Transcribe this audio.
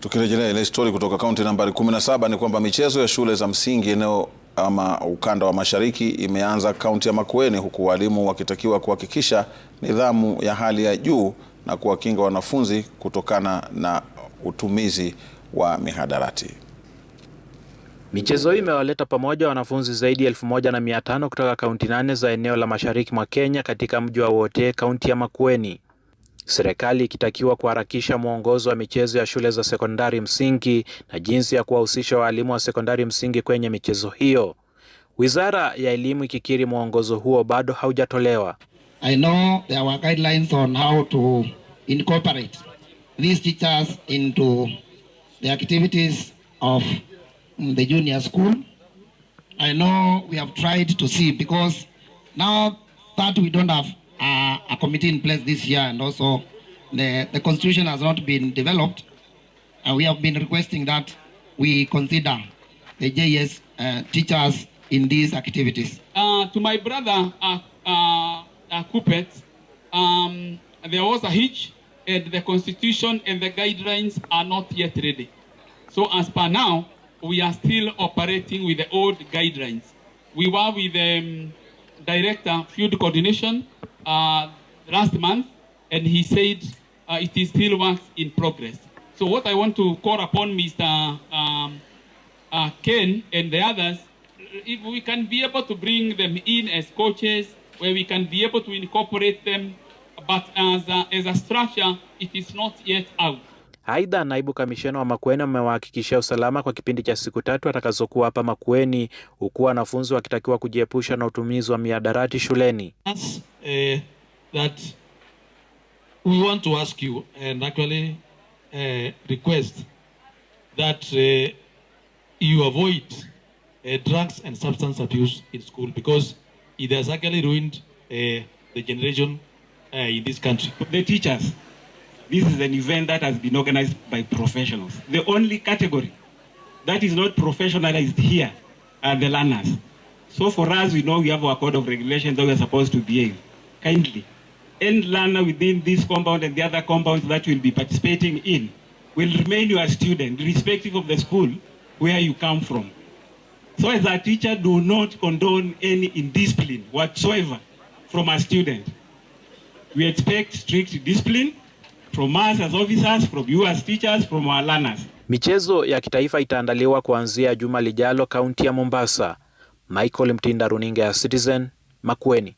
Tukirejelea ile histori kutoka kaunti nambari 17 ni kwamba michezo ya shule za msingi eneo ama ukanda wa mashariki imeanza kaunti ya Makueni, huku walimu wakitakiwa kuhakikisha nidhamu ya hali ya juu na kuwakinga wanafunzi kutokana na utumizi wa mihadarati. Michezo hii imewaleta pamoja wanafunzi zaidi ya elfu moja na mia tano kutoka kaunti nane za eneo la mashariki mwa Kenya katika mji wa Wote, kaunti ya Makueni serikali ikitakiwa kuharakisha mwongozo wa michezo ya shule za sekondari msingi na jinsi ya kuwahusisha waalimu wa sekondari msingi kwenye michezo hiyo, wizara ya elimu ikikiri mwongozo huo bado haujatolewa. I know there were guidelines on how to incorporate these teachers into the activities of the junior school. I know we have tried to see because now that we don't have uh, a committee in place this year and also the, the constitution has not been developed. And uh, we have been requesting that we consider the JS uh, teachers in these activities. Uh, to my brother, uh, uh Kupet, um, there was a hitch and the constitution and the guidelines are not yet ready. So as per now, we are still operating with the old guidelines. We were with the um, director, field coordination, uh, last month, and he said uh, it is still works in progress. So what I want to call upon Mr. Um, uh, Ken and the others, if we can be able to bring them in as coaches, where we can be able to incorporate them, but as a, as a structure, it is not yet out. Aidha, naibu kamishena wa Makueni amewahakikishia usalama kwa kipindi cha siku tatu atakazokuwa hapa Makueni, huku wanafunzi wakitakiwa kujiepusha na utumizi wa miadarati shuleni. uh, the generation, uh, in this country. The teachers This is an event that has been organized by professionals. The only category that is not professionalized here are the learners. So for us, we know we have our code of regulation that we are supposed to behave kindly. Any learner within this compound and the other compounds that will be participating in will remain your student, irrespective of the school where you come from. So as a teacher, do not condone any indiscipline whatsoever from a student. We expect strict discipline from us as officers, from you as teachers, from our learners. Michezo ya kitaifa itaandaliwa kuanzia juma lijalo kaunti ya Mombasa. Michael Mtinda, runinga ya Citizen, Makueni.